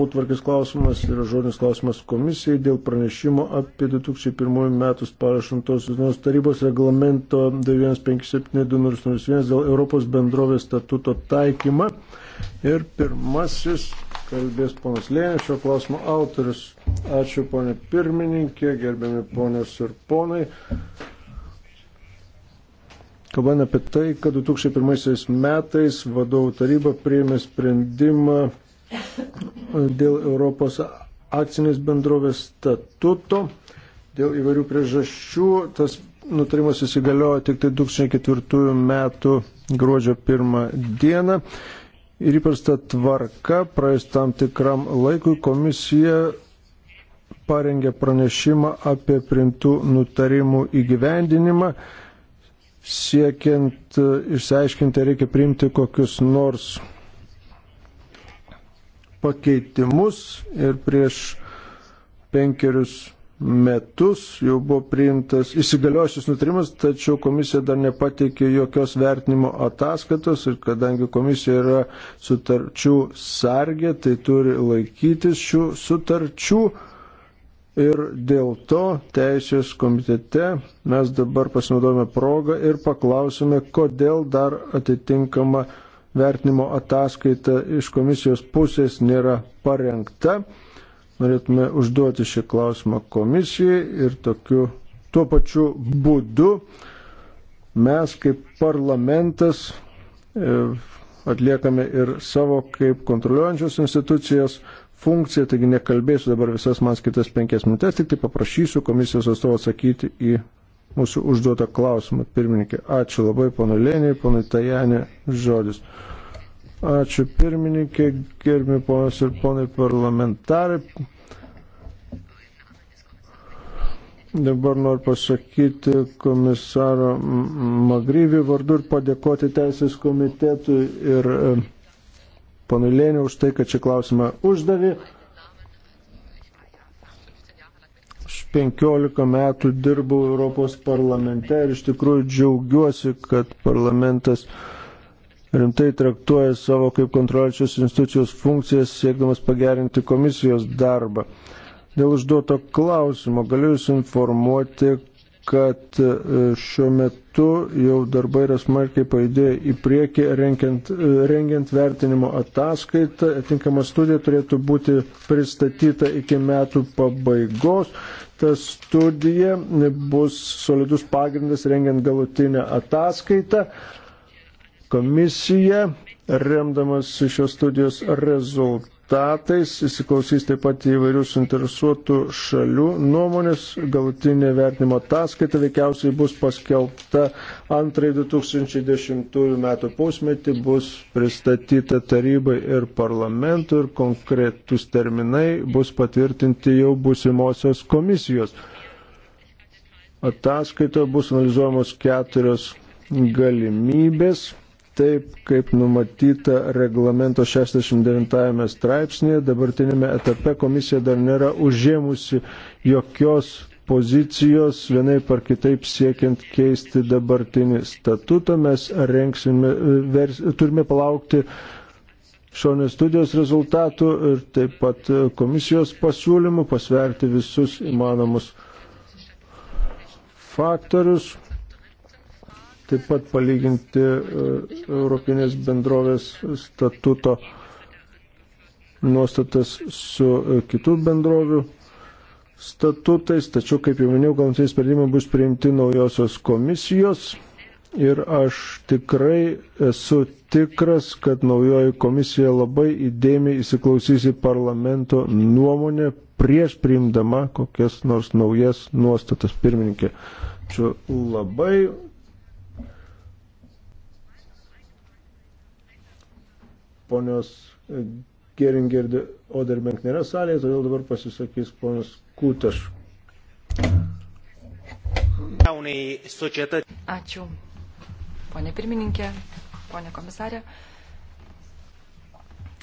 Būtvarkis klausimas yra žodinis klausimas komisijai dėl pranešimo apie 2001 metų spalio 8 dienos tarybos reglamento 9157001 dėl Europos bendrovės statuto taikymą. Ir pirmasis kalbės ponas Lėnė, šio klausimo autorius. Ačiū ponė pirmininkė, gerbiami ponios ir ponai. Kalbant apie tai, kad 2001 metais vadovų taryba priėmė sprendimą dėl Europos akcinės bendrovės statuto. Dėl įvairių priežasčių tas nutarimas įsigaliojo tik tai 2004 metų gruodžio 1 dieną. Ir įprasta tvarka, praėjus tam tikram laikui, komisija parengė pranešimą apie printų nutarimų įgyvendinimą. Siekiant išsiaiškinti, reikia priimti kokius nors pakeitimus ir prieš penkerius metus jau buvo priimtas įsigaliojusis nutrimas, tačiau komisija dar nepateikė jokios vertinimo ataskaitos ir kadangi komisija yra sutarčių sargė, tai turi laikytis šių sutarčių. Ir dėl to teisės komitete mes dabar pasinaudojame progą ir paklausime, kodėl dar atitinkama vertinimo ataskaita iš komisijos pusės nėra parengta. Norėtume užduoti šį klausimą komisijai ir tokiu, tuo pačiu būdu mes kaip parlamentas e, atliekame ir savo kaip kontroliuojančios institucijos funkciją, taigi nekalbėsiu dabar visas man skirtas penkias minutės, tik tai paprašysiu komisijos atstovą atsakyti į mūsų užduotą klausimą. Pirmininkė, ačiū labai pono Lėniai, pono Tajanė, žodis. Ačiū pirmininkė, gerbimi ponas ir ponai parlamentarai. Dabar noriu pasakyti komisaro Magryvį vardu ir padėkoti Teisės komitetui ir e, panulėnį už tai, kad šį klausimą uždavė. 15 metų dirbau Europos parlamente ir iš tikrųjų džiaugiuosi, kad parlamentas rimtai traktuoja savo kaip kontroliuojančios institucijos funkcijas, siekdamas pagerinti komisijos darbą. Dėl užduoto klausimo galiu Jūs informuoti, kad e, šiuo metu jau darbai yra smarkiai pajudėję į priekį, rengiant, e, rengiant vertinimo ataskaitą. Atinkama studija turėtų būti pristatyta iki metų pabaigos. Ta studija bus solidus pagrindas rengiant galutinę ataskaitą. Komisija remdamas šios studijos rezultatais, įsiklausys taip pat įvairių suinteresuotų šalių nuomonės, galutinė vertinimo ataskaita veikiausiai bus paskelbta antrai 2010 metų pusmetį, bus pristatyta tarybai ir parlamentui ir konkretus terminai bus patvirtinti jau busimosios komisijos. Ataskaitoje bus analizuojamos keturios galimybės taip, kaip numatyta reglamento 69 straipsnėje. Dabartinėme etape komisija dar nėra užėmusi jokios pozicijos vienai par kitaip siekiant keisti dabartinį statutą. Mes renksime, vers, turime palaukti šonės studijos rezultatų ir taip pat komisijos pasiūlymų pasverti visus įmanomus faktorius taip pat palyginti e, Europinės bendrovės statuto nuostatas su e, kitų bendrovių statutais, tačiau, kaip jau minėjau, galutiniai sprendimai bus priimti naujosios komisijos ir aš tikrai esu tikras, kad naujoji komisija labai įdėmiai įsiklausys į parlamento nuomonę prieš priimdama kokias nors naujas nuostatas pirmininkė. Ačiū labai. ponios e, Geringer Oderbenk nėra salėje, todėl dabar pasisakys ponas Kūtaš. Ačiū. Pone pirmininkė, pone komisarė.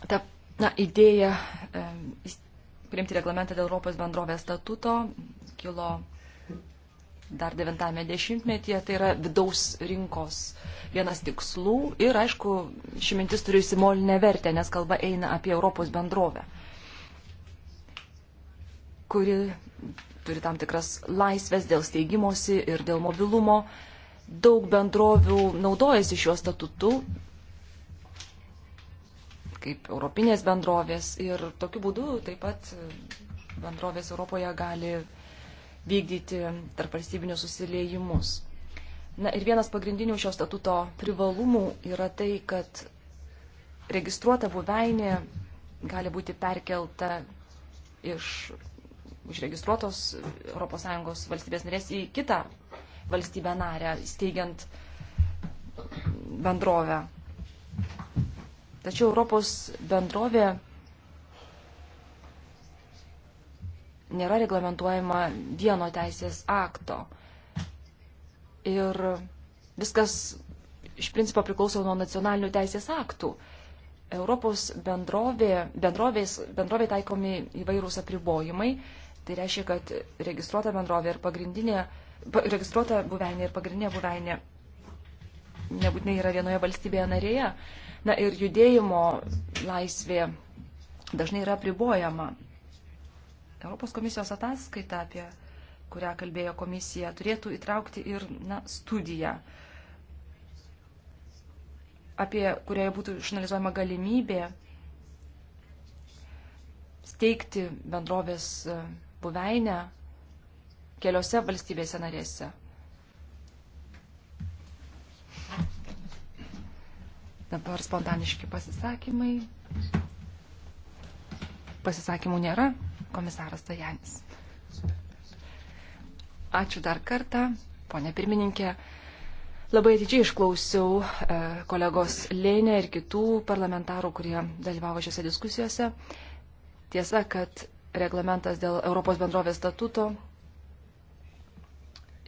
Ta na, idėja e, priimti reglamentą dėl Europos bendrovės statuto kilo dar 90-ame dešimtmetyje, tai yra vidaus rinkos vienas tikslų ir, aišku, ši mintis turi įsimolinę vertę, nes kalba eina apie Europos bendrovę, kuri turi tam tikras laisvės dėl steigimosi ir dėl mobilumo. Daug bendrovių naudojasi šiuo statutu, kaip europinės bendrovės ir tokiu būdu taip pat bendrovės Europoje gali vykdyti tarpvalstybinius susiliejimus. Na ir vienas pagrindinių šio statuto privalumų yra tai, kad registruota buveinė gali būti perkelta iš užregistruotos ES valstybės narės į kitą valstybę narę, steigiant bendrovę. Tačiau Europos bendrovė nėra reglamentuojama vieno teisės akto. Ir viskas iš principo priklauso nuo nacionalinių teisės aktų. Europos bendrovė, bendrovės, bendrovė taikomi įvairūs apribojimai. Tai reiškia, kad registruota bendrovė ir pagrindinė, pa, registruota buveinė ir pagrindinė buveinė nebūtinai yra vienoje valstybėje narėje. Na ir judėjimo laisvė dažnai yra apribojama. Europos komisijos ataskaita, apie kurią kalbėjo komisija, turėtų įtraukti ir na, studiją, apie kurioje būtų išanalizuojama galimybė steigti bendrovės e, buveinę keliose valstybėse narėse. Dabar spontaniški pasisakymai. Pasisakymų nėra komisaras Dajanis. Ačiū dar kartą, ponė pirmininkė. Labai atidžiai išklausiau e, kolegos Lėnė ir kitų parlamentarų, kurie dalyvavo šiuose diskusijose. Tiesa, kad reglamentas dėl Europos bendrovės statuto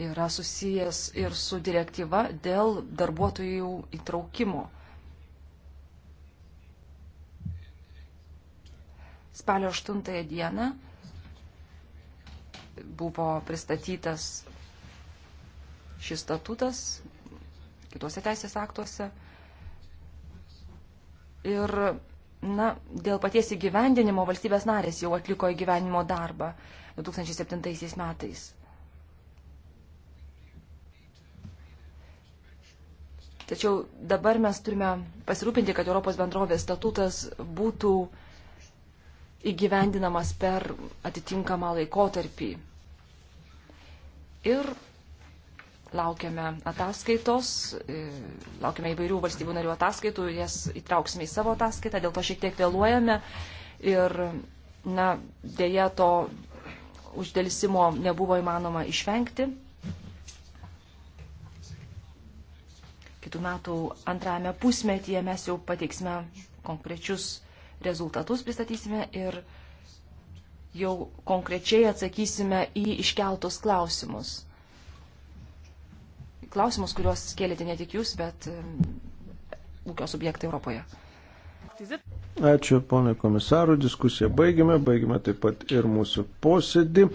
yra susijęs ir su direktyva dėl darbuotojų įtraukimo Spalio 8 dieną buvo pristatytas šis statutas kitose teisės aktuose. Ir, na, dėl paties įgyvendinimo valstybės narės jau atliko įgyvendinimo darbą 2007 metais. Tačiau dabar mes turime pasirūpinti, kad Europos bendrovės statutas būtų uh, įgyvendinamas per atitinkamą laikotarpį. Ir laukiame ataskaitos, e, laukiame įvairių valstybių narių ataskaitų, jas įtrauksime į savo ataskaitą, dėl to šiek tiek vėluojame ir, na, dėja to uždėlisimo nebuvo įmanoma išvengti. Kitų metų antrajame pusmetyje mes jau pateiksime konkrečius rezultatus pristatysime ir jau konkrečiai atsakysime į iškeltus klausimus. Klausimus, kuriuos kėlėte ne tik jūs, bet e, ūkio subjektai Europoje. Ačiū, ponai komisarų, diskusiją baigime, baigime taip pat ir mūsų posėdį.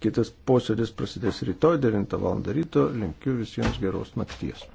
Kitas posėdis prasidės rytoj 9 val. ryto. Linkiu visiems geros nakties.